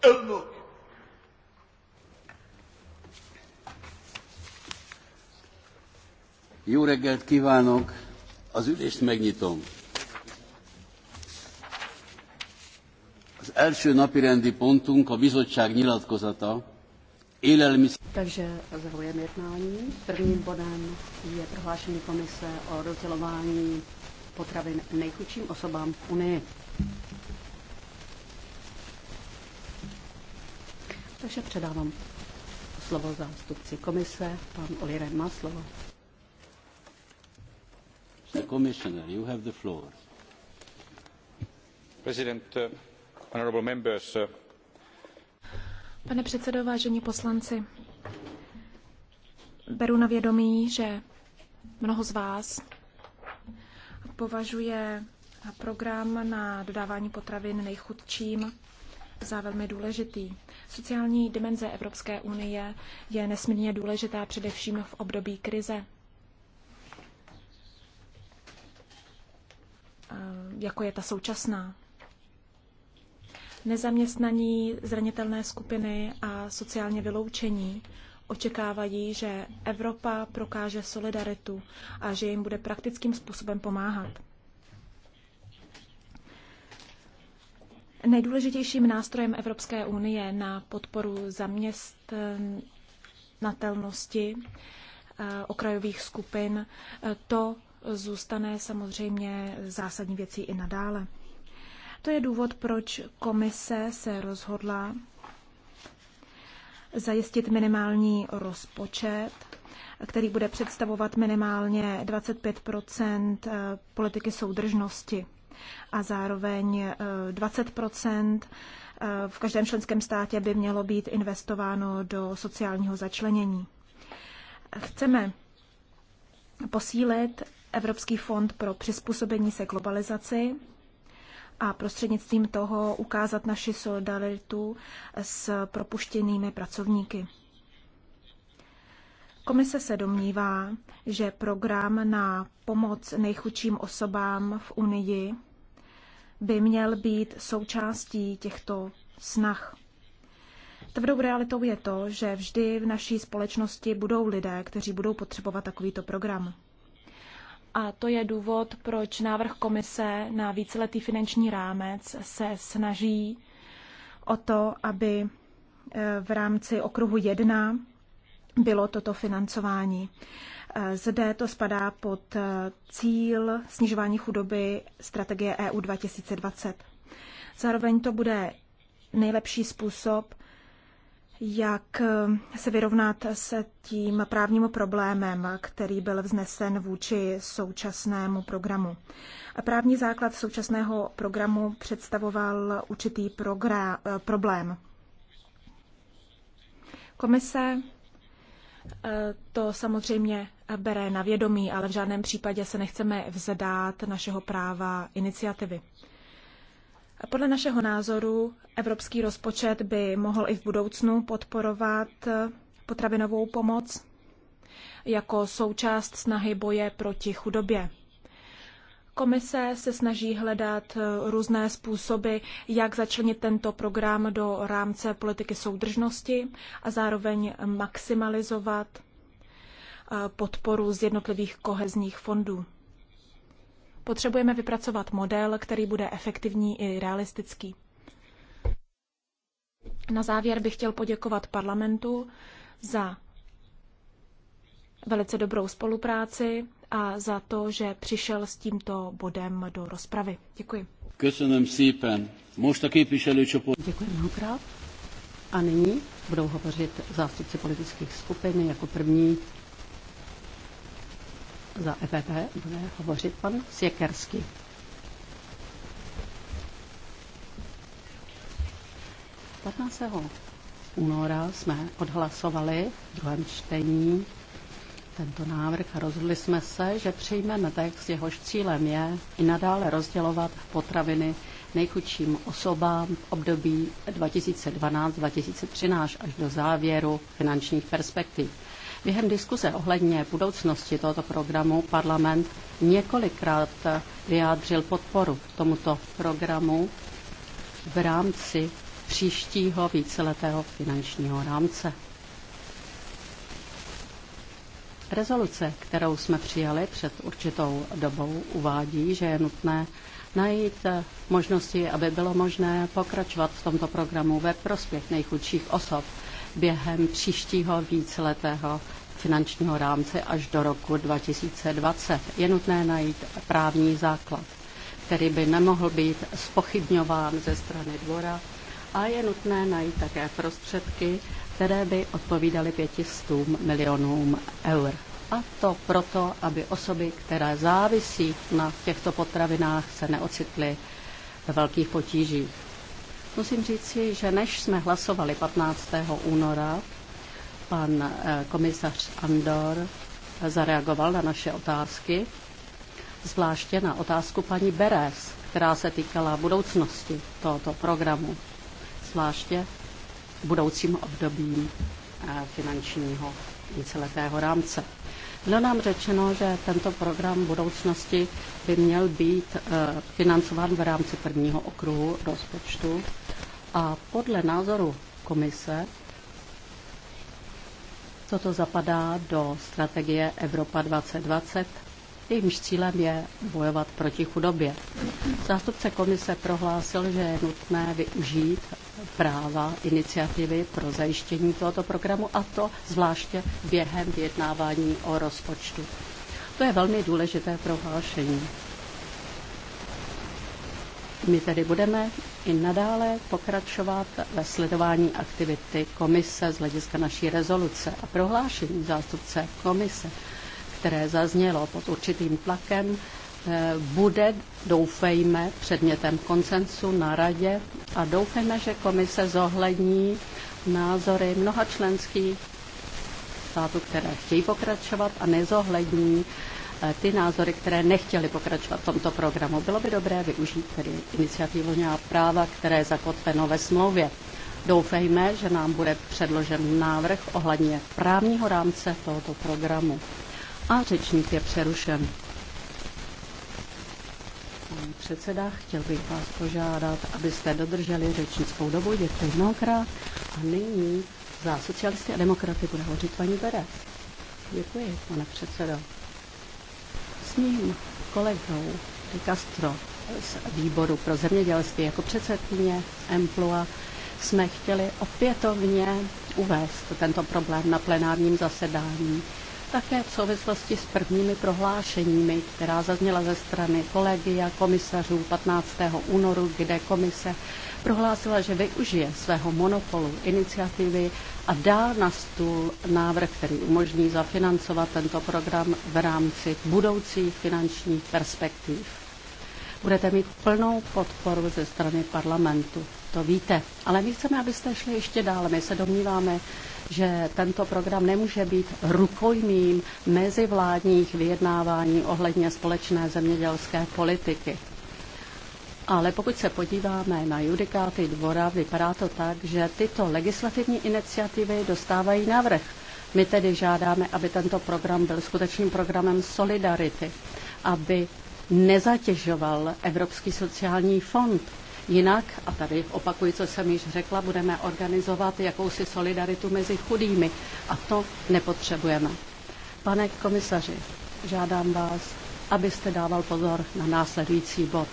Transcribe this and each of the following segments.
elnök. Jó reggelt kívánok! Az ülést megnyitom. Az első napi rendi pontunk a bizottság nyilatkozata. Élelmiszer... Takže zahajujeme jednání. Prvním bodem je prohlášení komise o rozdělování potravin nejchudším osobám v Unii. Takže předávám slovo zástupci komise, pan Oliver má slovo. Mr. Commissioner, you have the floor. President, uh, honorable members, uh... Pane předsedo, vážení poslanci, beru na vědomí, že mnoho z vás považuje program na dodávání potravin nejchudším za velmi důležitý. Sociální dimenze Evropské unie je nesmírně důležitá především v období krize. jako je ta současná. Nezaměstnaní, zranitelné skupiny a sociálně vyloučení očekávají, že Evropa prokáže solidaritu a že jim bude praktickým způsobem pomáhat. Nejdůležitějším nástrojem Evropské unie na podporu zaměstnatelnosti eh, okrajových skupin, eh, to zůstane samozřejmě zásadní věcí i nadále. To je důvod, proč komise se rozhodla zajistit minimální rozpočet, který bude představovat minimálně 25 eh, politiky soudržnosti a zároveň 20 eh, eh, v každém členském státě by mělo být investováno do sociálního začlenění. Chceme posílit Evropský fond pro přizpůsobení se globalizaci a prostřednictvím toho ukázat naši solidaritu s propuštěnými pracovníky. Komise se domnívá, že program na pomoc nejchudším osobám v Unii by měl být součástí těchto snah. Tvrdou realitou je to, že vždy v naší společnosti budou lidé, kteří budou potřebovat takovýto program. A to je důvod, proč návrh komise na víceletý finanční rámec se snaží o to, aby eh, v rámci okruhu 1 bylo toto financování. Zde to spadá pod eh, cíl snižování chudoby strategie EU 2020. Zároveň to bude nejlepší způsob, jak eh, se vyrovnat se tím právním problémem, který byl vznesen vůči současnému programu. Právní základ současného programu představoval určitý progra- eh, problém. Komise to samozřejmě bere na vědomí, ale v žádném případě se nechceme vzdát našeho práva iniciativy. Podle našeho názoru evropský rozpočet by mohl i v budoucnu podporovat potravinovou pomoc jako součást snahy boje proti chudobě. Komise se snaží hledat různé způsoby, jak začlenit tento program do rámce politiky soudržnosti a zároveň maximalizovat podporu z jednotlivých kohezních fondů. Potřebujeme vypracovat model, který bude efektivní i realistický. Na závěr bych chtěl poděkovat parlamentu za velice dobrou spolupráci a za to, že přišel s tímto bodem do rozpravy. Děkuji. Děkuji mnohokrát. A nyní budou hovořit zástupci politických skupin jako první za EPP bude hovořit pan Sěkersky. ho února jsme odhlasovali v druhém čtení tento návrh a rozhodli jsme se, že přijmeme text, jehož cílem je i nadále rozdělovat potraviny nejchudším osobám v období 2012-2013 až do závěru finančních perspektiv. Během diskuze ohledně budoucnosti tohoto programu parlament několikrát vyjádřil podporu tomuto programu v rámci příštího víceletého finančního rámce. Rezoluce, kterou jsme přijali před určitou dobou, uvádí, že je nutné najít možnosti, aby bylo možné pokračovat v tomto programu ve prospěch nejchudších osob během příštího víceletého finančního rámce až do roku 2020. Je nutné najít právní základ, který by nemohl být spochybňován ze strany dvora a je nutné najít také prostředky, které by odpovídaly 500 milionům eur. A to proto, aby osoby, které závisí na těchto potravinách, se neocitly ve velkých potížích. Musím říci, že než jsme hlasovali 15. února Pan eh, komisař Andor zareagoval na naše otázky, zvláště na otázku paní Beres, která se týkala budoucnosti tohoto programu, zvláště budoucím obdobím eh, finančního víceletého rámce. Bylo nám řečeno, že tento program budoucnosti by měl být eh, financován v rámci prvního okruhu rozpočtu a podle názoru komise Toto zapadá do strategie Evropa 2020, jejímž cílem je bojovat proti chudobě. Zástupce komise prohlásil, že je nutné využít práva iniciativy pro zajištění tohoto programu a to zvláště během vyjednávání o rozpočtu. To je velmi důležité prohlášení. My tedy budeme i nadále pokračovat ve sledování aktivity komise z hlediska naší rezoluce a prohlášení zástupce komise, které zaznělo pod určitým tlakem, eh, bude, doufejme, předmětem koncensu na radě a doufejme, že komise zohlední názory mnoha členských států, které chtějí pokračovat a nezohlední Eh, ty názory, které nechtěly pokračovat v tomto programu. Bylo by dobré využít tedy iniciativu a práva, které je zakotveno ve smlouvě. Doufejme, že nám bude předložen návrh ohledně právního rámce tohoto programu. A řečník je přerušen. Pane předseda, chtěl bych vás požádat, abyste dodrželi řečnickou dobu. Děkuji mnohokrát. A nyní za socialisty a demokraty bude hovořit paní Bere. Děkuji, pane předsedo mým kolegou De Castro z výboru pro zemědělství jako předsedkyně emplua, jsme chtěli opětovně uvést tento problém na plenárním zasedání také v souvislosti s prvními prohlášeními, která zazněla ze strany kolegia komisařů 15. únoru, kde komise prohlásila, že využije svého monopolu iniciativy a dá na stůl návrh, který umožní zafinancovat tento program v rámci budoucích finančních perspektiv. Budete mít plnou podporu ze strany parlamentu. To víte. Ale my chceme, abyste šli ještě dále. My se domníváme, že tento program nemůže být rukojmím mezivládních vyjednávání ohledně společné zemědělské politiky. Ale pokud se podíváme na judikáty dvora, vypadá to tak, že tyto legislativní iniciativy dostávají navrh. My tedy žádáme, aby tento program byl skutečným programem solidarity, aby nezatěžoval Evropský sociální fond, Jinak, a tady opakuji, co jsem již řekla, budeme organizovat jakousi solidaritu mezi chudými a to nepotřebujeme. Pane komisaři, žádám vás, abyste dával pozor na následující bod.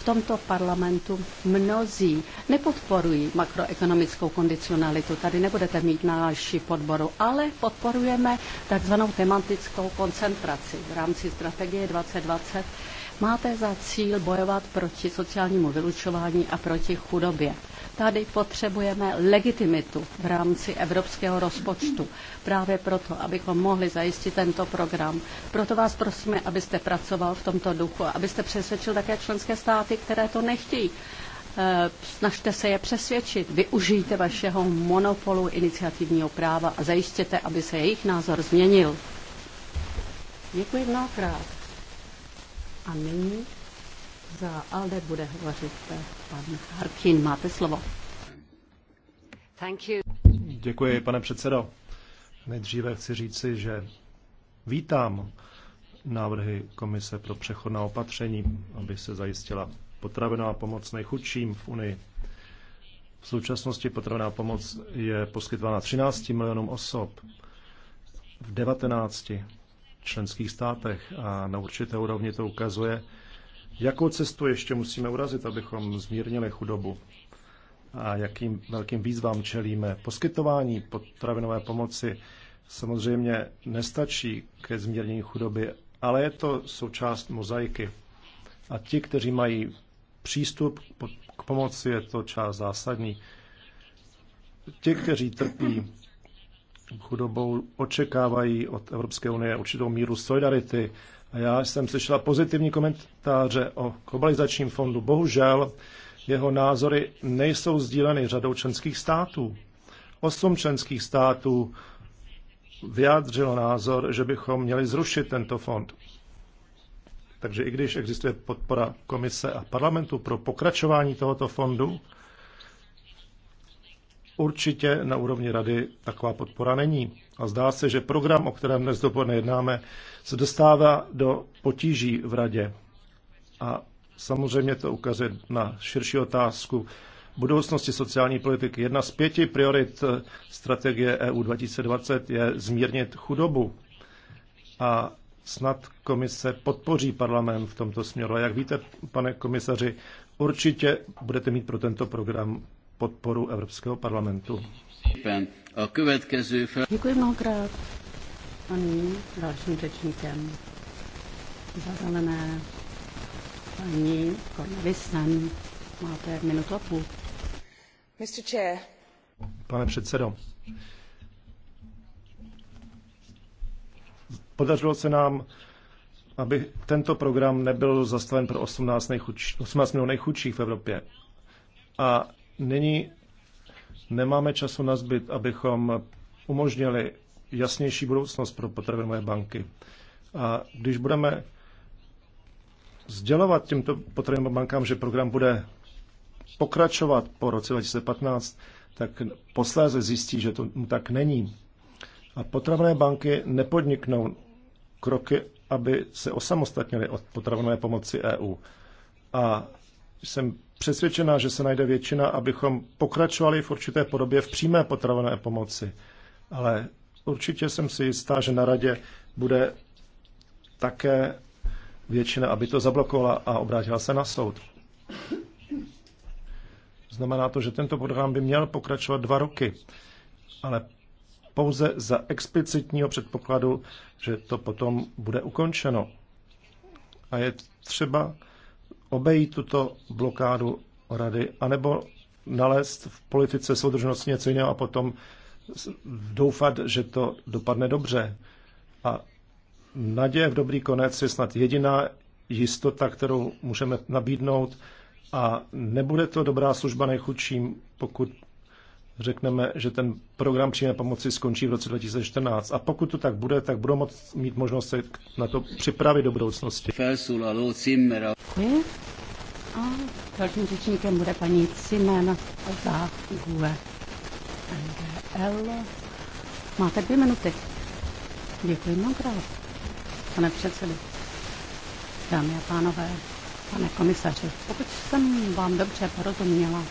V tomto parlamentu mnozí nepodporují makroekonomickou kondicionalitu. Tady nebudete mít naši podboru, ale podporujeme takzvanou tematickou koncentraci v rámci strategie 2020 Máte za cíl bojovat proti sociálnímu vylučování a proti chudobě. Tady potřebujeme legitimitu v rámci evropského rozpočtu. Právě proto, abychom mohli zajistit tento program. Proto vás prosíme, abyste pracoval v tomto duchu, abyste přesvědčil také členské státy, které to nechtějí. Eh, snažte se je přesvědčit, využijte vašeho monopolu iniciativního práva a zajistěte, aby se jejich názor změnil. Děkuji mnohokrát. A nyní za ALDE bude hovořit eh, pan Harkin. Máte slovo. Thank you. Děkuji, pane předsedo. Nejdříve chci říci, že vítám návrhy Komise pro přechodná opatření, aby se zajistila potravená pomoc nejchudším v Unii. V současnosti potravená pomoc je poskytována 13 milionům osob v 19 členských státech a na určité úrovni to ukazuje, jakou cestu ještě musíme urazit, abychom zmírnili chudobu a jakým velkým výzvám čelíme. Poskytování potravinové pomoci samozřejmě nestačí ke zmírnění chudoby, ale je to součást mozaiky. A ti, kteří mají přístup k pomoci, je to část zásadní. Ti, kteří trpí chudobou očekávají od Evropské unie určitou míru solidarity. A já jsem slyšela pozitivní komentáře o globalizačním fondu. Bohužel jeho názory nejsou sdíleny řadou členských států. Osm členských států vyjádřilo názor, že bychom měli zrušit tento fond. Takže i když existuje podpora komise a parlamentu pro pokračování tohoto fondu, Určitě na úrovni rady taková podpora není. A zdá se, že program, o kterém dnes dopoledne jednáme, se dostává do potíží v radě. A samozřejmě to ukazuje na širší otázku budoucnosti sociální politiky. Jedna z pěti priorit eh, strategie EU 2020 je zmírnit chudobu. A snad komise podpoří parlament v tomto směru. A jak víte, pane komisaři, určitě budete mít pro tento program podporu Evropského parlamentu. Děkuji mnohokrát. A nyní dalším řečníkem zadalené paní Máte minutu a půl. Pane předsedo, podařilo se nám, aby tento program nebyl zastaven pro 18, nejchudší, 18 milionů nejchudších v Evropě. A Nyní nemáme času na zbyt, abychom umožnili jasnější budoucnost pro potravinové banky. A když budeme sdělovat těmto potravinovým bankám, že program bude pokračovat po roce 2015, tak posléze zjistí, že to tak není. A potravinové banky nepodniknou kroky, aby se osamostatnily od potravinové pomoci EU. A jsem přesvědčená, že se najde většina, abychom pokračovali v určité podobě v přímé potravené pomoci. Ale určitě jsem si jistá, že na radě bude také většina, aby to zablokovala a obrátila se na soud. Znamená to, že tento program by měl pokračovat dva roky, ale pouze za explicitního předpokladu, že to potom bude ukončeno. A je třeba obejít tuto blokádu rady, anebo nalézt v politice soudržnosti něco jiného a potom doufat, že to dopadne dobře. A naděje v dobrý konec je snad jediná jistota, kterou můžeme nabídnout a nebude to dobrá služba nejchudším, pokud řekneme, že ten program přímé pomoci skončí v roce 2014. A pokud to tak bude, tak budou mít možnost se na to připravit do budoucnosti. Děkuji. A dalším řečníkem bude paní Cimen za GUE NGL. Máte dvě minuty. Děkuji mnou krát. pane předsedo. Dámy a pánové, pane komisaři, pokud jsem vám dobře porozuměla,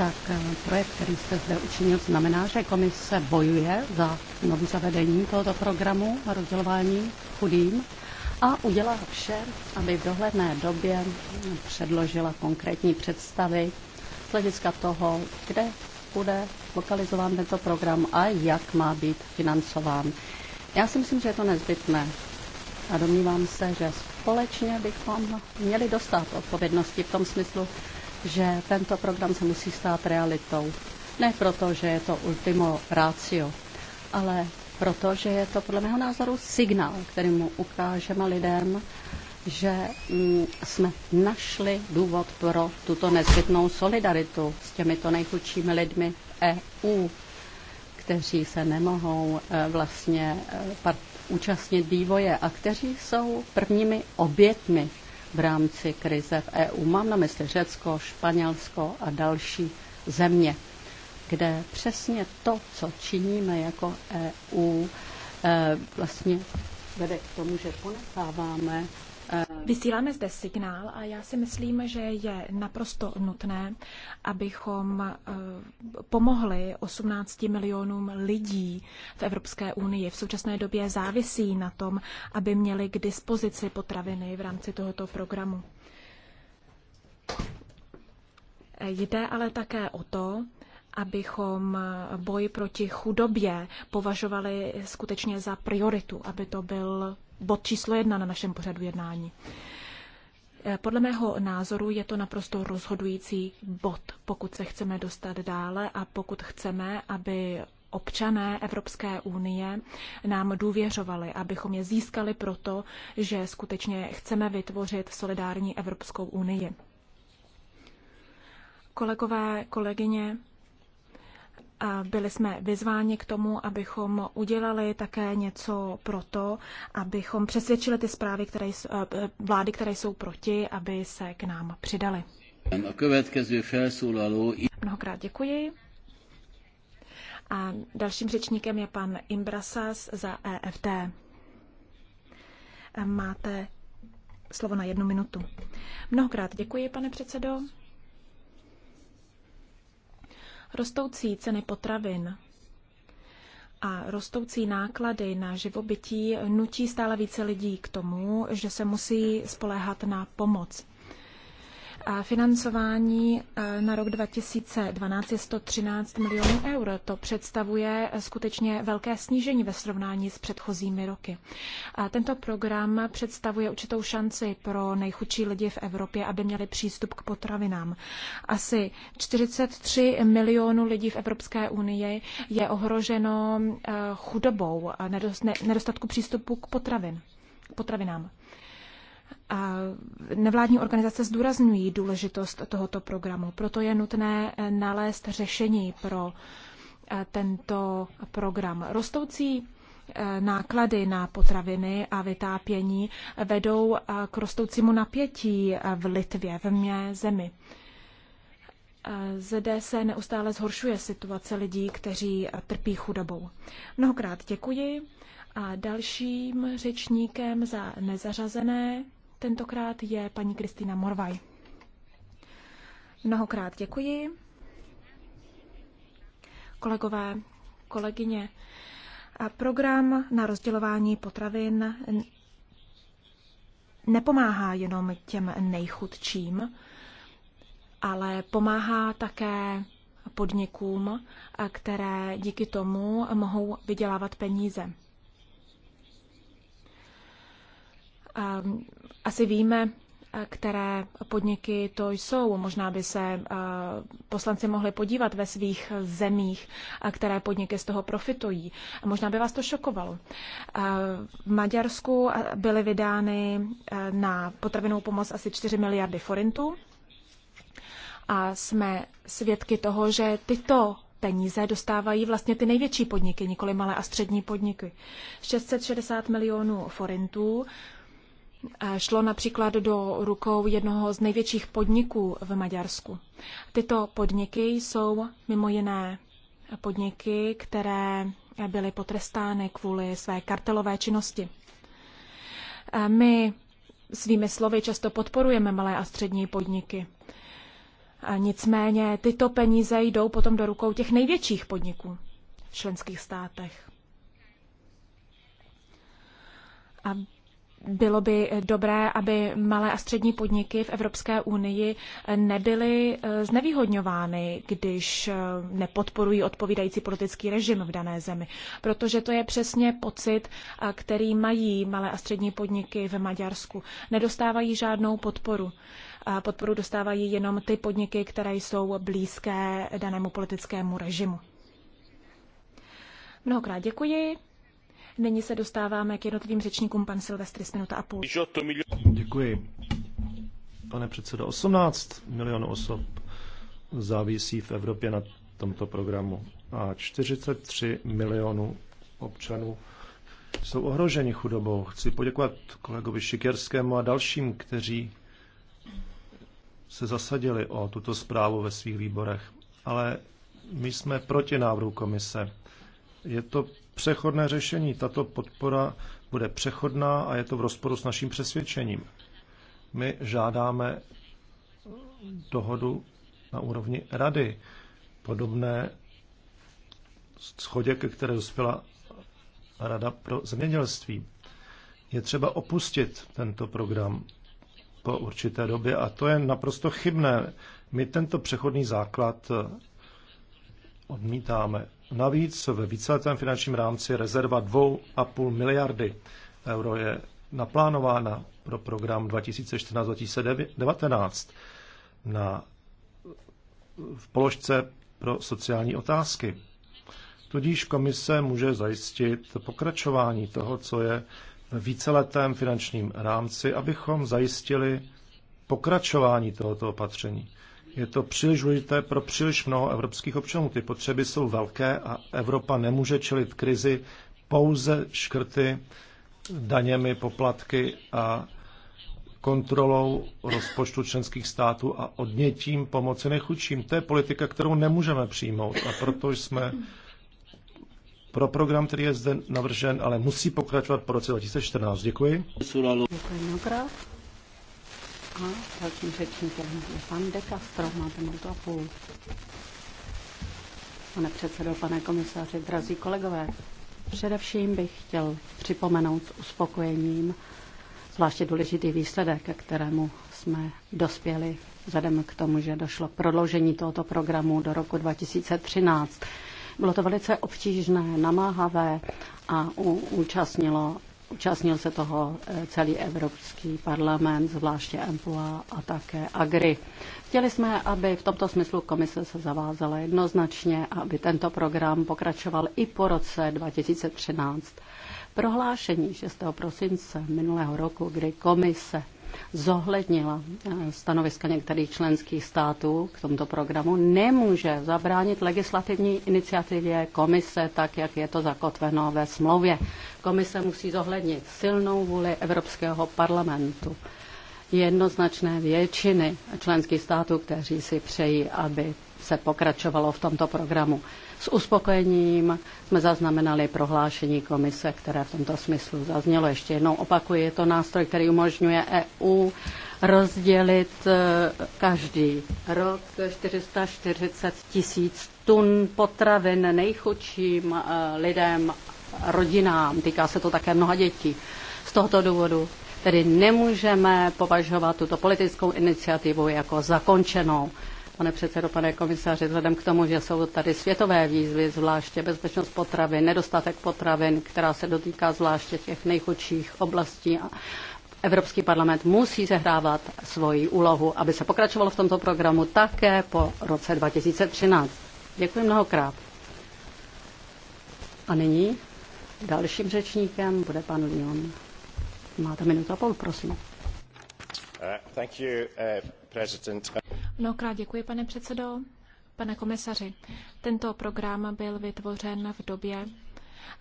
tak eh, projekt, který jste zde učinil, znamená, že komise bojuje za znovu zavedení tohoto programu na rozdělování chudým a udělá vše, aby v dohledné době předložila konkrétní představy z hlediska toho, kde bude lokalizován tento program a jak má být financován. Já si myslím, že je to nezbytné a domnívám se, že společně bychom měli dostat odpovědnosti v tom smyslu, že tento program se musí stát realitou. Ne proto, že je to ultimo ratio, ale proto, že je to podle mého názoru signál, který mu ukážeme lidem, že mm, jsme našli důvod pro tuto nezbytnou solidaritu s těmito nejchudšími lidmi v EU, kteří se nemohou eh, vlastně eh, účastnit vývoje a kteří jsou prvními obětmi v rámci krize v EU. Mám na mysli Řecko, Španělsko a další země, kde přesně to, co činíme jako EU, eh, vlastně vede k tomu, že ponecháváme Vysíláme zde signál a já si myslím, že je naprosto nutné, abychom eh, pomohli 18 milionům lidí v Evropské unii. V současné době závisí na tom, aby měli k dispozici potraviny v rámci tohoto programu. Jde ale také o to, abychom boj proti chudobě považovali skutečně za prioritu, aby to byl bod číslo jedna na našem pořadu jednání. Eh, podle mého názoru je to naprosto rozhodující bod, pokud se chceme dostat dále a pokud chceme, aby občané Evropské unie nám důvěřovali, abychom je získali proto, že skutečně chceme vytvořit solidární Evropskou unii. Kolegové, kolegyně, byli jsme vyzváni k tomu, abychom udělali také něco pro to, abychom přesvědčili ty zprávy, které, jsou, eh, eh, vlády, které jsou proti, aby se k nám přidali. Mnohokrát děkuji. A dalším řečníkem je pan Imbrasas za EFT. Máte slovo na jednu minutu. Mnohokrát děkuji, pane předsedo. Rostoucí ceny potravin a rostoucí náklady na živobytí nutí stále více lidí k tomu, že se musí spoléhat na pomoc. Financování e, na rok 2012 je 113 milionů eur. To představuje e, skutečně velké snížení ve srovnání s předchozími roky. Tento program představuje určitou šanci pro nejchudší lidi v Evropě, aby měli přístup k potravinám. Asi 43 milionů lidí v Evropské unii je ohroženo e, chudobou, a nedostatku přístupu k potravin, potravinám. Nevládní organizace zdůrazňují důležitost tohoto programu, proto je nutné eh, nalézt řešení pro eh, tento program. Rostoucí eh, náklady na potraviny a vytápění vedou k rostoucímu napětí v Litvě, v mé zemi. Zde se neustále zhoršuje situace lidí, kteří trpí chudobou. Mnohokrát děkuji a dalším řečníkem za nezařazené Tentokrát je paní Kristýna Morvaj. Mnohokrát děkuji. Kolegové, kolegyně, a program na rozdělování potravin nepomáhá jenom těm nejchudčím, ale pomáhá také podnikům, které díky tomu mohou vydělávat peníze. Asi víme, eh, které podniky to jsou. Možná by se eh, poslanci mohli podívat ve svých zemích, eh, které podniky z toho profitují. Možná by vás to šokovalo. V Maďarsku byly vydány na potravinou pomoc asi 4 miliardy forintů a jsme svědky toho, že tyto peníze dostávají vlastně ty největší podniky, nikoli malé a střední podniky. 660 milionů forintů šlo například do rukou jednoho z největších podniků v Maďarsku. Tyto podniky jsou mimo jiné podniky, které byly potrestány kvůli své kartelové činnosti. My svými slovy často podporujeme malé a střední podniky. A nicméně tyto peníze jdou potom do rukou těch největších podniků v členských státech. A bylo by dobré, aby malé a střední podniky v Evropské unii nebyly eh, znevýhodňovány, když eh, nepodporují odpovídající politický režim v dané zemi. Protože to je přesně pocit, eh, který mají malé a střední podniky v Maďarsku. Nedostávají žádnou podporu. Podporu dostávají jenom ty podniky, které jsou blízké danému politickému režimu. Mnohokrát děkuji. Nyní se dostáváme k jednotlivým řečníkům, pan Silvestris, minuta a půl. Děkuji. Pane předsedo, 18 milionů osob závisí v Evropě na tomto programu a 43 milionů občanů jsou ohroženi chudobou. Chci poděkovat kolegovi Šikerskému a dalším, kteří se zasadili o tuto zprávu ve svých výborech. Ale my jsme proti návrhu komise. Je to přechodné řešení. Tato podpora bude přechodná a je to v rozporu s naším přesvědčením. My žádáme dohodu na úrovni rady, podobné schodě, ke které dospěla Rada pro zemědělství. Je třeba opustit tento program po určité době a to je naprosto chybné. My tento přechodný základ odmítáme. Navíc ve víceletém finančním rámci rezerva 2,5 miliardy euro je naplánována pro program 2014-2019 na v položce pro sociální otázky. Tudíž komise může zajistit pokračování toho, co je v víceletém finančním rámci, abychom zajistili pokračování tohoto opatření. Je to příliš důležité pro příliš mnoho evropských občanů. Ty potřeby jsou velké a Evropa nemůže čelit krizi pouze škrty daněmi, poplatky a kontrolou rozpočtu členských států a odnětím pomoci nechudším. To je politika, kterou nemůžeme přijmout a proto jsme pro program, který je zde navržen, ale musí pokračovat po roce 2014. Děkuji. Děkuji a dalším řečníkem je pan De Castro. Máte minutu a půl. Pane předsedo, pane komisaři, drazí kolegové, především bych chtěl připomenout s uspokojením zvláště důležitý výsledek, ke kterému jsme dospěli vzhledem k tomu, že došlo k prodloužení tohoto programu do roku 2013. Bylo to velice obtížné, namáhavé a účastnilo Účastnil se toho eh, celý Evropský parlament, zvláště EMPLA a také AGRI. Chtěli jsme, aby v tomto smyslu komise se zavázala jednoznačně, aby tento program pokračoval i po roce 2013. Prohlášení 6. prosince minulého roku, kdy komise zohlednila eh, stanoviska některých členských států k tomuto programu, nemůže zabránit legislativní iniciativě komise, tak jak je to zakotveno ve smlouvě. Komise musí zohlednit silnou vůli Evropského parlamentu jednoznačné většiny členských států, kteří si přejí, aby se pokračovalo v tomto programu. S uspokojením jsme zaznamenali prohlášení komise, které v tomto smyslu zaznělo. Ještě jednou opakuji, je to nástroj, který umožňuje EU rozdělit eh, každý rok 440 tisíc tun potravin nejchudším eh, lidem, rodinám. Týká se to také mnoha dětí. Z tohoto důvodu Tedy nemůžeme považovat tuto politickou iniciativu jako zakončenou. Pane předsedo, pane komisaři, vzhledem k tomu, že jsou tady světové výzvy, zvláště bezpečnost potravy, nedostatek potravin, která se dotýká zvláště těch nejchudších oblastí, Evropský parlament musí zehrávat svoji úlohu, aby se pokračovalo v tomto programu také po roce 2013. Děkuji mnohokrát. A nyní dalším řečníkem bude pan Lyon. Máte minutu a půl, prosím. Uh, thank you, uh, president. Mnohokrát děkuji, pane předsedo. Pane komisaři, tento program byl vytvořen v době,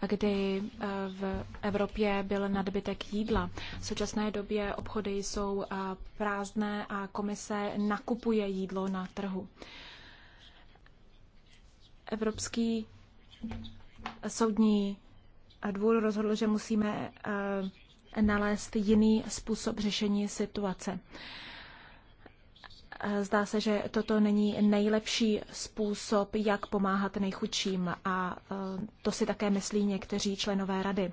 kdy eh, v Evropě byl nadbytek jídla. V současné době obchody jsou eh, prázdné a komise nakupuje jídlo na trhu. Evropský soudní dvůr rozhodl, že musíme eh, nalézt jiný způsob řešení situace. Zdá se, že toto není nejlepší způsob, jak pomáhat nejchudším a e, to si také myslí někteří členové rady. E,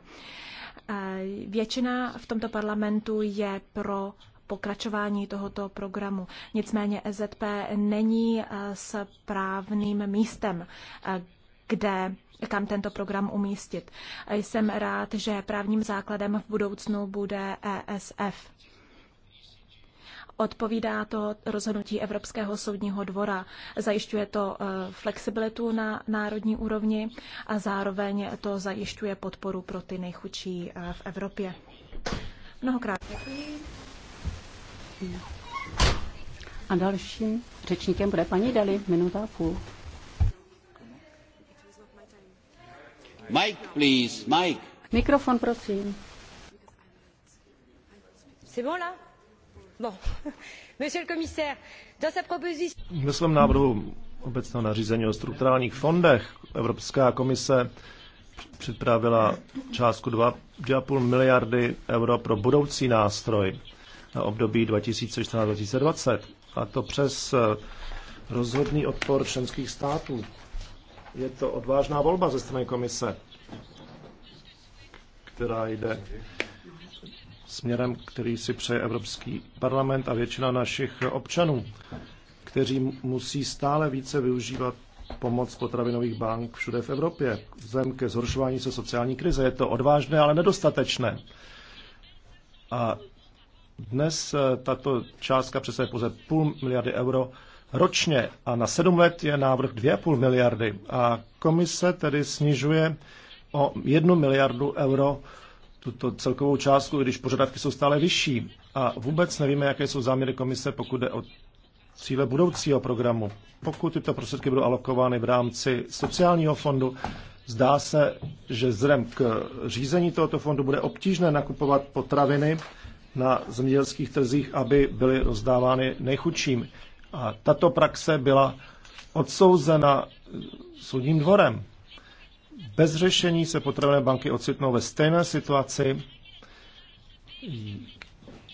většina v tomto parlamentu je pro pokračování tohoto programu. Nicméně EZP není e, správným místem, kde kam tento program umístit. Jsem rád, že právním základem v budoucnu bude ESF. Odpovídá to rozhodnutí Evropského soudního dvora. Zajišťuje to eh, flexibilitu na národní úrovni a zároveň to zajišťuje podporu pro ty nejchudší eh, v Evropě. Mnohokrát děkuji. A dalším řečníkem bude paní Dali, minuta a půl. Mikrofon, prosím. Ve svém návrhu obecného nařízení o strukturálních fondech Evropská komise připravila částku 2,5 miliardy euro pro budoucí nástroj na období 2014-2020. A to přes rozhodný odpor členských států je to odvážná volba ze strany komise, která jde směrem, který si přeje Evropský parlament a většina našich občanů, kteří musí stále více využívat pomoc potravinových bank všude v Evropě. Vzhledem ke zhoršování se sociální krize je to odvážné, ale nedostatečné. A dnes eh, tato částka přesahuje pouze půl miliardy euro ročně a na sedm let je návrh 2,5 miliardy a komise tedy snižuje o 1 miliardu euro tuto celkovou částku, když požadavky jsou stále vyšší. A vůbec nevíme, jaké jsou záměry komise, pokud jde o cíle budoucího programu. Pokud tyto prostředky budou alokovány v rámci sociálního fondu, zdá se, že vzhledem k řízení tohoto fondu bude obtížné nakupovat potraviny na zemědělských trzích, aby byly rozdávány nejchudším. A tato praxe byla odsouzena soudním dvorem. Bez řešení se potravinové banky ocitnou ve stejné situaci,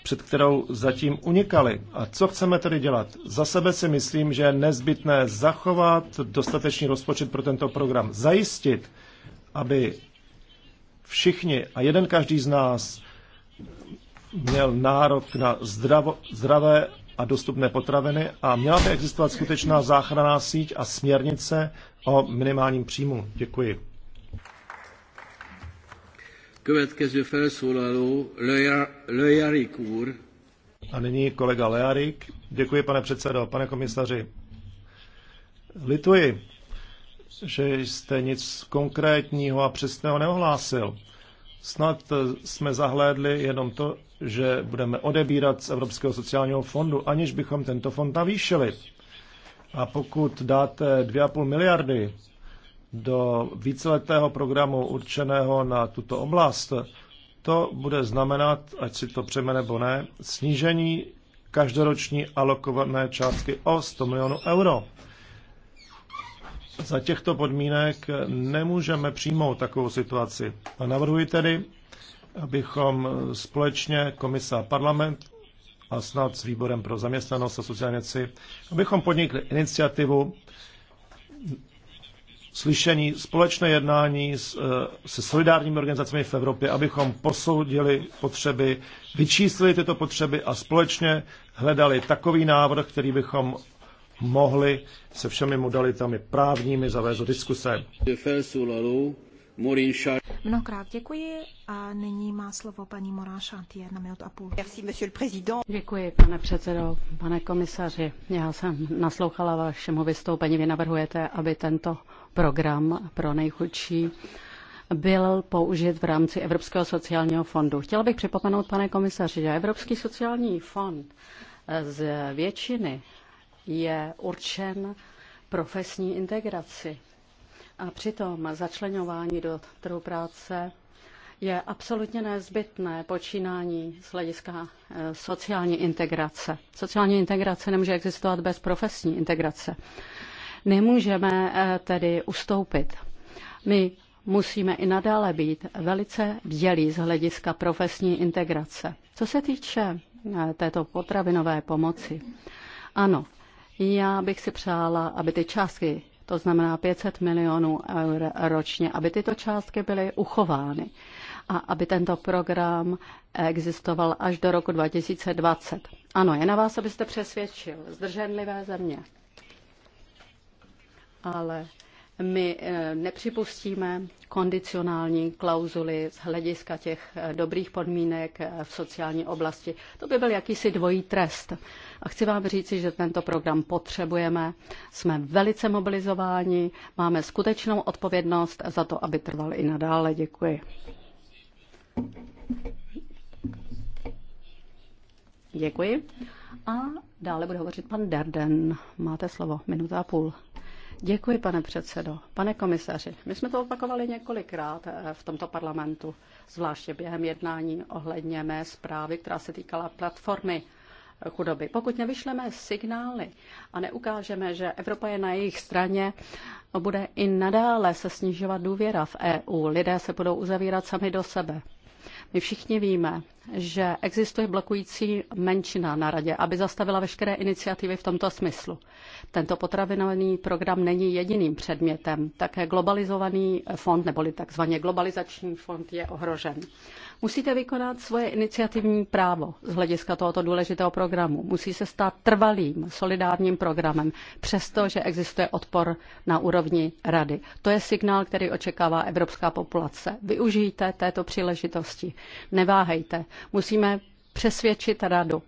před kterou zatím unikali. A co chceme tedy dělat? Za sebe si myslím, že je nezbytné zachovat dostatečný rozpočet pro tento program, zajistit, aby všichni a jeden každý z nás měl nárok na zdravo, zdravé a dostupné potraviny a měla by existovat skutečná záchranná síť a směrnice o minimálním příjmu. Děkuji. A nyní kolega Learik. Děkuji, pane předsedo, pane komisaři. Lituji, že jste nic konkrétního a přesného neohlásil. Snad eh, jsme zahlédli jenom to, že budeme odebírat z Evropského sociálního fondu, aniž bychom tento fond navýšili. A pokud dáte 2,5 miliardy do víceletého programu určeného na tuto oblast, to bude znamenat, ať si to přejme nebo ne, snížení každoroční alokované částky o 100 milionů euro. Za těchto podmínek nemůžeme přijmout takovou situaci. A navrhuji tedy, abychom společně komisa a parlament a snad s výborem pro zaměstnanost a sociálněci, abychom podnikli iniciativu slyšení, společné jednání s, eh, se solidárními organizacemi v Evropě, abychom posoudili potřeby, vyčíslili tyto potřeby a společně hledali takový návrh, který bychom mohli se všemi modalitami právními zavést do diskuse. Mnohokrát děkuji a nyní má slovo paní Morán Šantier na minut a půl. Děkuji, pane předsedo, pane komisaři. Já jsem naslouchala vašemu vystoupení. Vy navrhujete, aby tento program pro nejchudší byl použit v rámci Evropského sociálního fondu. Chtěla bych připomenout, pane komisaři, že Evropský sociální fond z většiny je určen profesní integraci. A přitom začlenování do trhu práce je absolutně nezbytné počínání z hlediska eh, sociální integrace. Sociální integrace nemůže existovat bez profesní integrace. Nemůžeme eh, tedy ustoupit. My musíme i nadále být velice bdělí z hlediska profesní integrace. Co se týče eh, této potravinové pomoci, ano, já bych si přála, aby ty částky, to znamená 500 milionů eur ročně, aby tyto částky byly uchovány a aby tento program existoval až do roku 2020. Ano, je na vás, abyste přesvědčil zdrženlivé země. Ale my eh, nepřipustíme kondicionální klauzuly z hlediska těch eh, dobrých podmínek eh, v sociální oblasti. To by byl jakýsi dvojí trest. A chci vám říci, že tento program potřebujeme. Jsme velice mobilizováni, máme skutečnou odpovědnost za to, aby trval i nadále. Děkuji. Děkuji. A dále bude hovořit pan Derden. Máte slovo, minuta a půl. Děkuji, pane předsedo. Pane komisaři, my jsme to opakovali několikrát eh, v tomto parlamentu, zvláště během jednání ohledně mé zprávy, která se týkala platformy chudoby. Pokud nevyšleme signály a neukážeme, že Evropa je na jejich straně, bude i nadále se snižovat důvěra v EU. Lidé se budou uzavírat sami do sebe. My všichni víme, že existuje blokující menšina na radě, aby zastavila veškeré iniciativy v tomto smyslu. Tento potravinový program není jediným předmětem. Také globalizovaný fond, neboli takzvaně globalizační fond, je ohrožen. Musíte vykonat svoje iniciativní právo z hlediska tohoto důležitého programu. Musí se stát trvalým, solidárním programem, přestože existuje odpor na úrovni rady. To je signál, který očekává evropská populace. Využijte této příležitosti. Neváhejte. Musíme přesvědčit radu.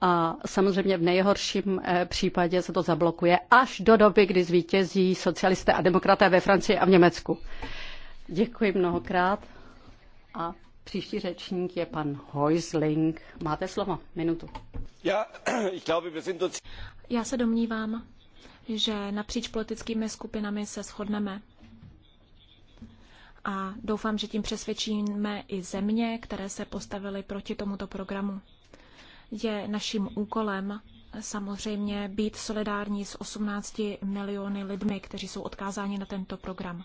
A samozřejmě v nejhorším eh, případě se to zablokuje až do doby, kdy zvítězí socialisté a demokraté ve Francii a v Německu. Děkuji mnohokrát a Příští řečník je pan Heusling. Máte slovo, minutu. Já se domnívám, že napříč politickými skupinami se shodneme. A doufám, že tím přesvědčíme i země, které se postavily proti tomuto programu. Je naším úkolem samozřejmě být solidární s 18 miliony lidmi, kteří jsou odkázáni na tento program.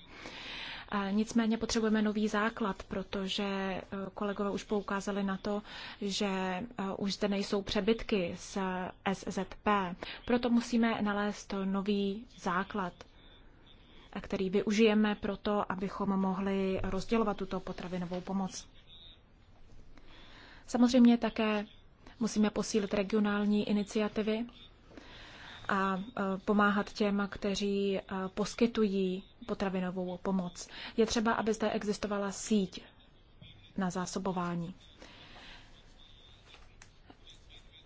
Nicméně potřebujeme nový základ, protože eh, kolegové už poukázali na to, že eh, už zde nejsou přebytky z SZP. Proto musíme nalézt nový základ, eh, který využijeme pro to, abychom mohli rozdělovat tuto potravinovou pomoc. Samozřejmě také musíme posílit regionální iniciativy a pomáhat těm, kteří poskytují potravinovou pomoc. Je třeba, aby zde existovala síť na zásobování.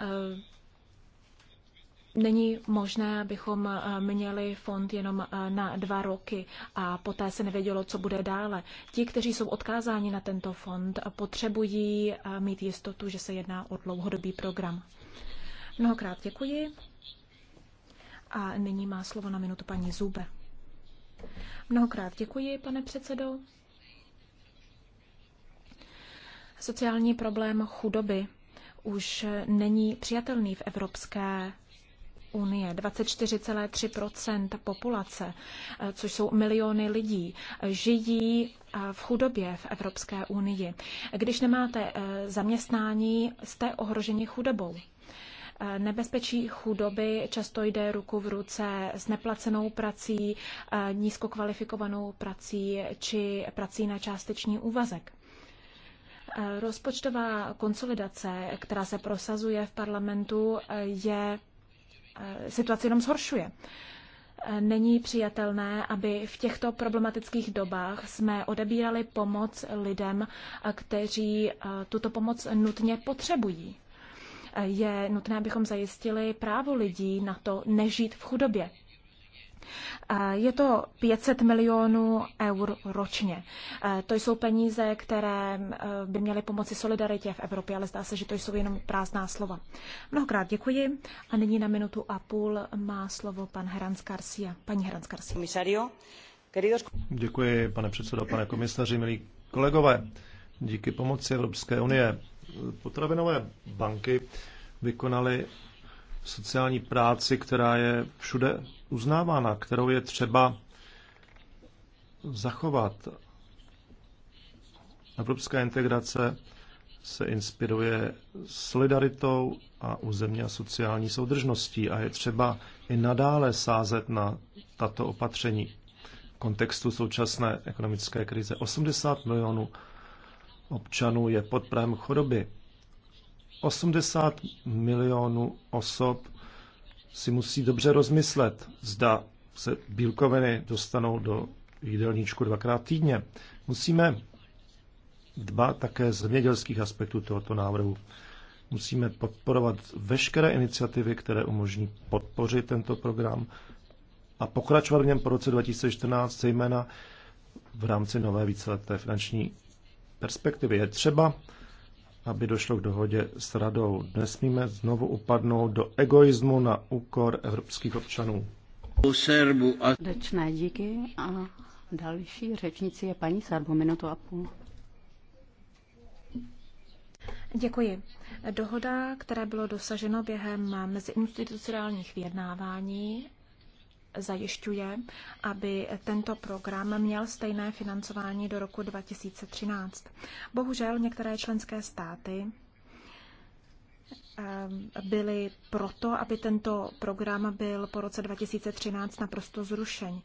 Eh, není možné, abychom eh, měli fond jenom eh, na dva roky a poté se nevědělo, co bude dále. Ti, kteří jsou odkázáni na tento fond, potřebují mít jistotu, že se jedná o dlouhodobý program. Mnohokrát děkuji. A nyní má slovo na minutu paní Zube. Mnohokrát děkuji, pane předsedo. Sociální problém chudoby už není přijatelný v Evropské unie. 24,3 populace, což jsou miliony lidí, žijí eh, v chudobě v Evropské unii. Když nemáte eh, zaměstnání, jste ohroženi chudobou. Nebezpečí chudoby často jde ruku v ruce s neplacenou prací, eh, nízkokvalifikovanou prací či prací na částečný úvazek. Eh, Rozpočtová konsolidace, která se prosazuje v parlamentu, eh, je situaci jenom zhoršuje. Není přijatelné, aby v těchto problematických dobách jsme odebírali pomoc lidem, kteří tuto pomoc nutně potřebují je nutné, abychom zajistili právo lidí na to nežít v chudobě. Je to 500 milionů eur ročně. To jsou peníze, které eh, by měly pomoci solidaritě v Evropě, ale zdá se, že to jsou jenom prázdná slova. Mnohokrát děkuji a nyní na minutu a půl má slovo pan Hranz Garcia. Paní Hranz Garcia. Děkuji, pane předsedo, pane komisaři, milí kolegové. Díky pomoci Evropské unie Potravinové banky vykonaly sociální práci, která je všude uznávána, kterou je třeba zachovat. Evropská integrace se inspiruje solidaritou a územní a sociální soudržností a je třeba i nadále sázet na tato opatření. V kontextu současné ekonomické krize 80 milionů občanů je pod prahem chudoby. 80 milionů osob si musí dobře rozmyslet, zda se bílkoviny dostanou do jídelníčku dvakrát týdně. Musíme dbát také z zemědělských aspektů tohoto návrhu. Musíme podporovat veškeré iniciativy, které umožní podpořit tento program a pokračovat v něm po roce 2014, zejména v rámci nové víceleté finanční perspektivy. Je třeba, aby došlo k dohodě s radou. Nesmíme znovu upadnout do egoismu na úkor evropských občanů. Dečné díky a další řečnici je paní Sarbo, minutu a půl. Děkuji. Dohoda, které bylo dosaženo během meziinstitucionálních vyjednávání zajišťuje, aby tento program měl stejné financování do roku 2013. Bohužel některé členské státy eh, byly proto, aby tento program byl po roce 2013 naprosto zrušen.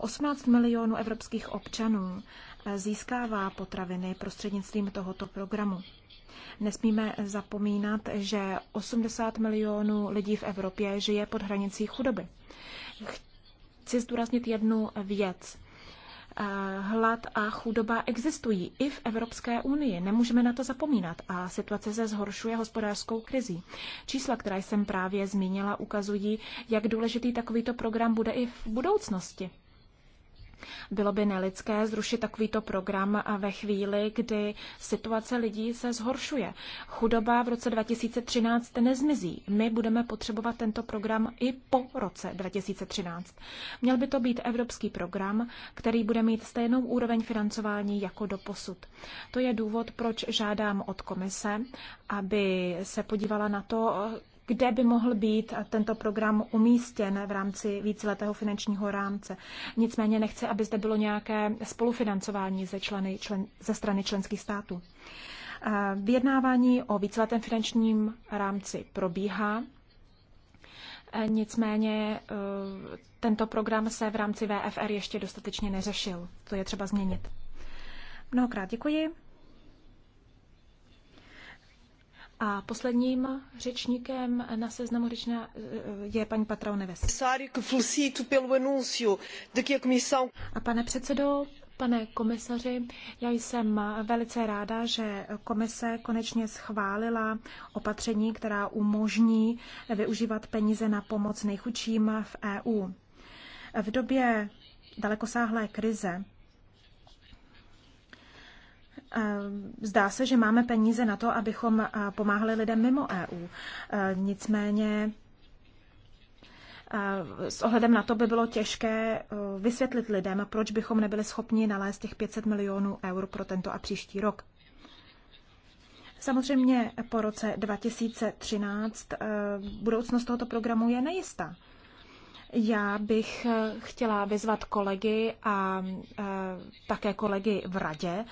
18 eh, milionů evropských občanů eh, získává potraviny prostřednictvím tohoto programu. Nesmíme zapomínat, že 80 milionů lidí v Evropě žije pod hranicí chudoby chci zdůraznit jednu věc. Eh, hlad a chudoba existují i v Evropské unii. Nemůžeme na to zapomínat a situace se zhoršuje hospodářskou krizí. Čísla, která jsem právě zmínila, ukazují, jak důležitý takovýto program bude i v budoucnosti. Bylo by nelidské zrušit takovýto program ve chvíli, kdy situace lidí se zhoršuje. Chudoba v roce 2013 nezmizí. My budeme potřebovat tento program i po roce 2013. Měl by to být evropský program, který bude mít stejnou úroveň financování jako do posud. To je důvod, proč žádám od komise, aby se podívala na to, kde by mohl být tento program umístěn v rámci víceletého finančního rámce. Nicméně nechci, aby zde bylo nějaké spolufinancování ze, členy, člen, ze strany členských států. Eh, vyjednávání o víceletém finančním rámci probíhá. Eh, nicméně eh, tento program se v rámci VFR ještě dostatečně neřešil. To je třeba změnit. Mnohokrát děkuji. A posledním řečníkem na seznamu řečna eh, je paní Patrao Neves. A pane předsedo, Pane komisaři, já jsem velice ráda, že komise konečně schválila opatření, která umožní využívat peníze na pomoc nejchudším v EU. V době dalekosáhlé krize Eh, zdá se, že máme peníze na to, abychom eh, pomáhali lidem mimo EU. Eh, nicméně s ohledem na to by bylo těžké vysvětlit lidem, proč bychom nebyli schopni nalézt těch 500 milionů eur pro tento a příští rok. Samozřejmě po roce 2013 budoucnost tohoto programu je nejistá. Já bych chtěla vyzvat kolegy a také kolegy v radě,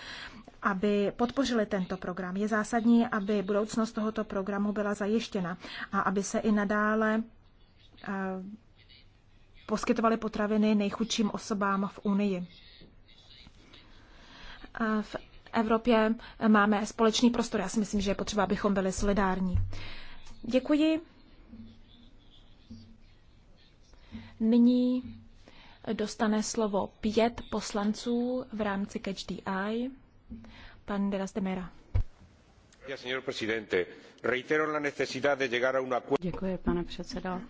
aby podpořili tento program. Je zásadní, aby budoucnost tohoto programu byla zajištěna a aby se i nadále eh, poskytovaly potraviny nejchudším osobám v Unii. Eh, v Evropě máme společný prostor. Já si myslím, že je potřeba, abychom byli solidární. Děkuji. Nyní dostane slovo pět poslanců v rámci Catch the Eye de las Temera. pane předsedající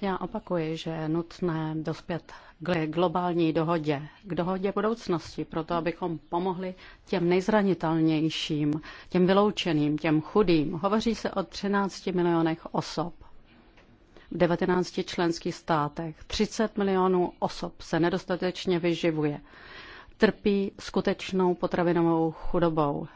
Já opakuji, že je nutné dospět k globální dohodě, k dohodě budoucnosti, proto abychom pomohli těm nejzranitelnějším, těm vyloučeným, těm chudým. Hovoří se o 13 milionech osob v 19 členských státech. 30 milionů osob se nedostatečně vyživuje trpí skutečnou potravinovou chudobou.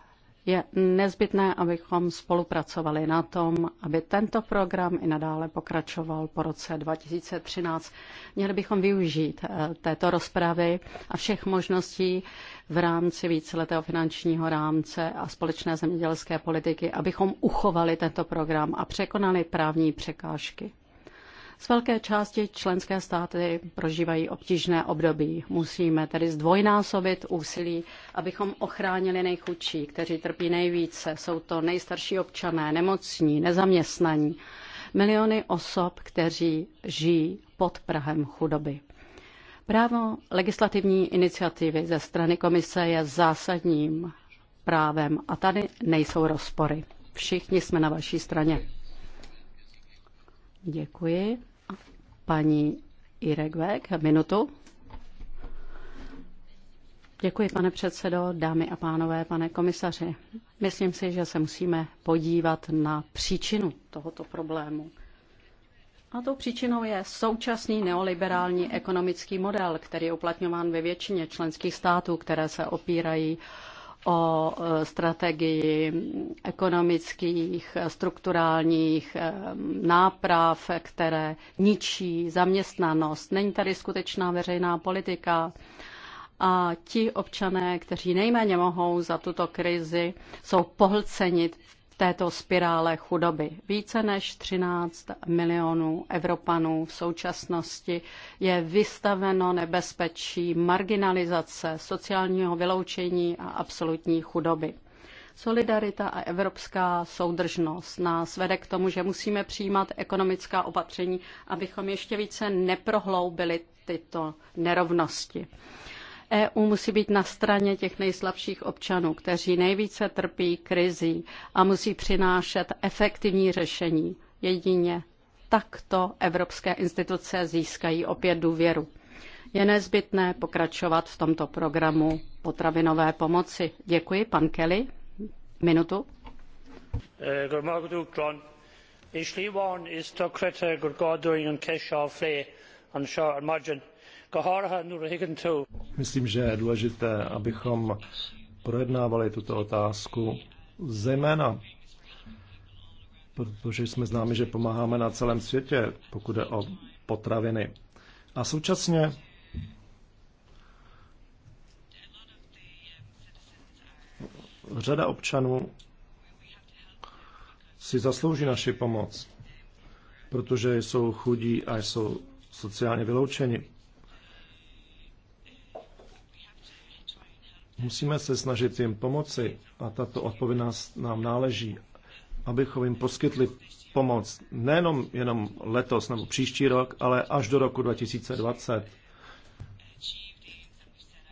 Je nezbytné, abychom spolupracovali na tom, aby tento program i nadále pokračoval po roce 2013. Měli bychom využít eh, této rozpravy a všech možností v rámci víceletého finančního rámce a společné zemědělské politiky, abychom uchovali tento program a překonali právní překážky. Z velké části členské státy prožívají obtížné období. Musíme tedy zdvojnásobit úsilí, abychom ochránili nejchudší, kteří trpí nejvíce. Jsou to nejstarší občané, nemocní, nezaměstnaní, miliony osob, kteří žijí pod Prahem chudoby. Právo legislativní iniciativy ze strany komise je zásadním právem a tady nejsou rozpory. Všichni jsme na vaší straně. Děkuji paní Iregvek. Minutu. Děkuji, pane předsedo, dámy a pánové, pane komisaři. Myslím si, že se musíme podívat na příčinu tohoto problému. A tou příčinou je současný neoliberální ekonomický model, který je uplatňován ve většině členských států, které se opírají uh, o e, strategii ekonomických, strukturálních e, náprav, které ničí zaměstnanost. Není tady skutečná veřejná politika. A ti občané, kteří nejméně mohou za tuto krizi, jsou pohlceni v této spirále chudoby. Více než 13 milionů Evropanů v současnosti je vystaveno nebezpečí marginalizace, sociálního vyloučení a absolutní chudoby. Solidarita a evropská soudržnost nás vede k tomu, že musíme přijímat ekonomická opatření, abychom ještě více neprohloubili tyto nerovnosti. EU musí být na straně těch nejslabších občanů, kteří nejvíce trpí krizí a musí přinášet efektivní řešení. Jedině takto evropské instituce získají opět důvěru. Je nezbytné pokračovat v tomto programu potravinové pomoci. Děkuji, pan Kelly. Minutu. Uh, Uh, Myslím, že je důležité, abychom projednávali tuto otázku, zejména protože jsme známi, že pomáháme na celém světě, pokud jde o potraviny. A současně řada občanů si zaslouží naši pomoc, protože jsou chudí a jsou sociálně vyloučeni. Musíme se snažit jim pomoci a tato odpovědnost nám náleží, abychom jim poskytli pomoc nejenom jenom letos nebo příští rok, ale až do roku 2020.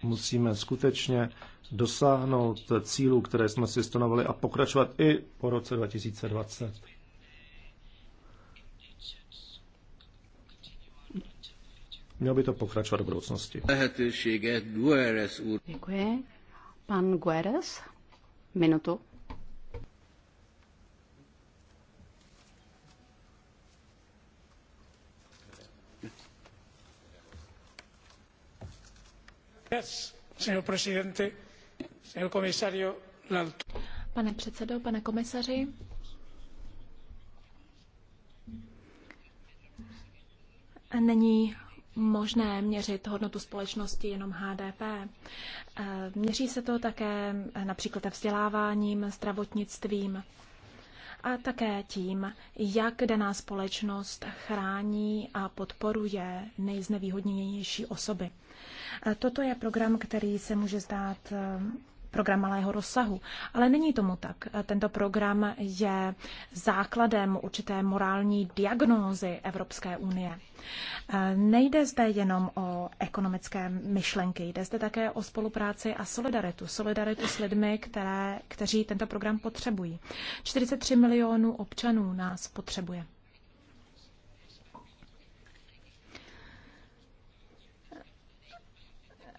Musíme skutečně dosáhnout cílů, které jsme si stanovili a pokračovat i po roce 2020. Mělo by to pokračovat v budoucnosti. Děkuji. Pan Guedes, minutu. Pane předsedo, pane komisaři, není možné měřit hodnotu společnosti jenom HDP. Eh, měří se to také eh, například vzděláváním, zdravotnictvím a také tím, jak daná společnost chrání a podporuje nejznevýhodněnější osoby. Eh, toto je program, který se může zdát program malého rozsahu. Ale není tomu tak. Tento program je základem určité morální diagnózy Evropské unie. Nejde zde jenom o ekonomické myšlenky, jde zde také o spolupráci a solidaritu. Solidaritu s lidmi, které, kteří tento program potřebují. 43 milionů občanů nás potřebuje.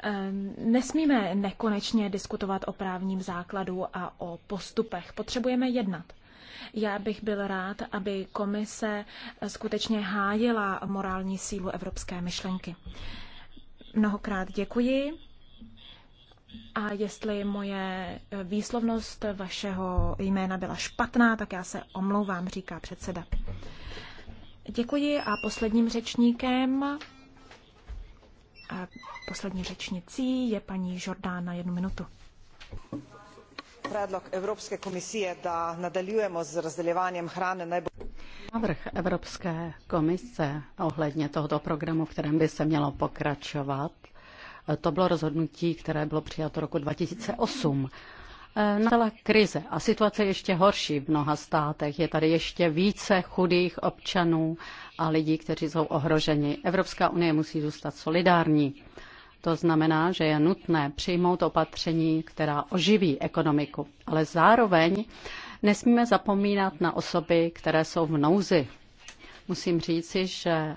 Ehm, nesmíme nekonečně diskutovat o právním základu a o postupech. Potřebujeme jednat. Já bych byl rád, aby komise skutečně hájila morální sílu evropské myšlenky. Mnohokrát děkuji. A jestli moje výslovnost vašeho jména byla špatná, tak já se omlouvám, říká předseda. Děkuji a posledním řečníkem Poslední řečnicí je paní Žordána jednu minutu. Predlog Evropské komisie, da nadaljujemo s rozdělováním hrany nebo. Návrh Evropské komise ohledně tohoto programu, v kterém by se mělo pokračovat, to bylo rozhodnutí, které bylo přijato roku 2008. Eh, nastala krize a situace je ještě horší v mnoha státech. Je tady ještě více chudých občanů a lidí, kteří jsou ohroženi. Evropská unie musí zůstat solidární. To znamená, že je nutné přijmout opatření, která oživí ekonomiku. Ale zároveň nesmíme zapomínat na osoby, které jsou v nouzi. Musím říci, že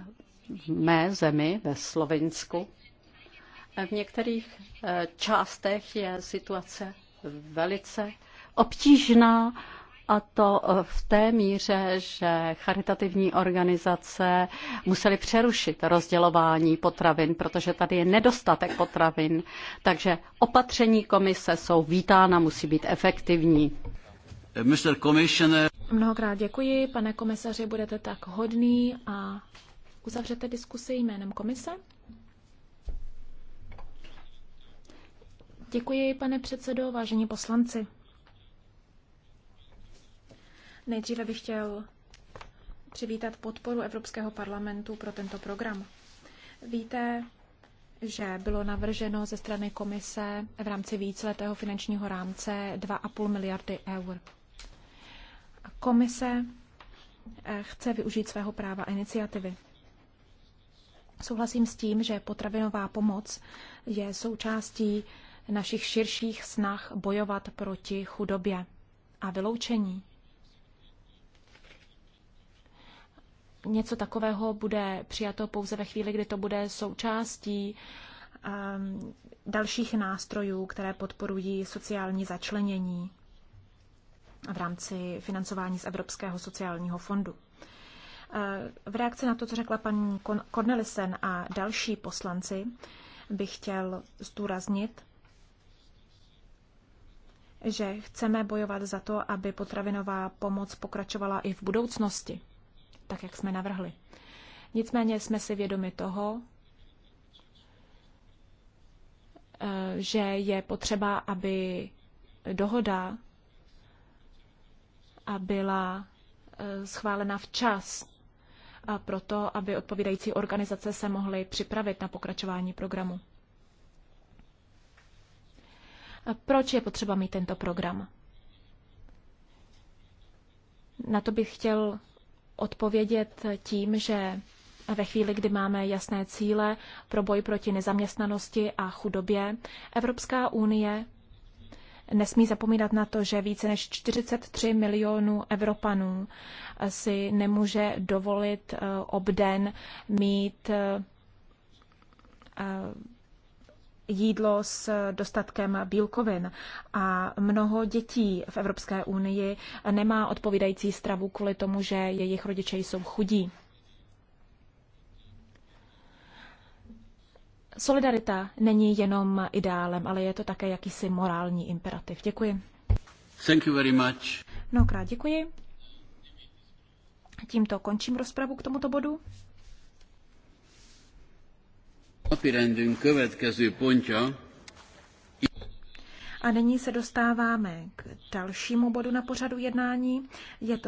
v mé zemi, ve Slovensku, v některých eh, částech je situace velice obtížná a to e, v té míře, že charitativní organizace musely přerušit rozdělování potravin, protože tady je nedostatek potravin. Takže opatření komise jsou vítána, musí být efektivní. Mr. Commissioner. Mnohokrát děkuji, pane komisaři, budete tak hodný a uzavřete diskusi jménem komise. Děkuji, pane předsedo, vážení poslanci. Nejdříve bych chtěl přivítat podporu Evropského parlamentu pro tento program. Víte, že bylo navrženo ze strany komise v rámci víceletého finančního rámce 2,5 miliardy eur. Komise eh, chce využít svého práva iniciativy. Souhlasím s tím, že potravinová pomoc je součástí našich širších snah bojovat proti chudobě a vyloučení. Něco takového bude přijato pouze ve chvíli, kdy to bude součástí um, dalších nástrojů, které podporují sociální začlenění v rámci financování z Evropského sociálního fondu. Uh, v reakci na to, co řekla paní Cornelisen a další poslanci, bych chtěl zdůraznit, že chceme bojovat za to, aby potravinová pomoc pokračovala i v budoucnosti, tak jak jsme navrhli. Nicméně jsme si vědomi toho, eh, že je potřeba, aby dohoda eh, byla eh, schválena včas, a proto, aby odpovídající organizace se mohly připravit na pokračování programu. Proč je potřeba mít tento program? Na to bych chtěl odpovědět tím, že ve chvíli, kdy máme jasné cíle pro boj proti nezaměstnanosti a chudobě, Evropská unie nesmí zapomínat na to, že více než 43 milionů Evropanů si nemůže dovolit eh, obden mít eh, jídlo s dostatkem bílkovin a mnoho dětí v Evropské unii nemá odpovídající stravu kvůli tomu, že jejich rodiče jsou chudí. Solidarita není jenom ideálem, ale je to také jakýsi morální imperativ. Děkuji. Thank you very much. Mnohokrát děkuji. Tímto končím rozpravu k tomuto bodu. Napirendünk következő pontja. A nyní se dostáváme k dalšímu bodu na pořadu jednání. Je to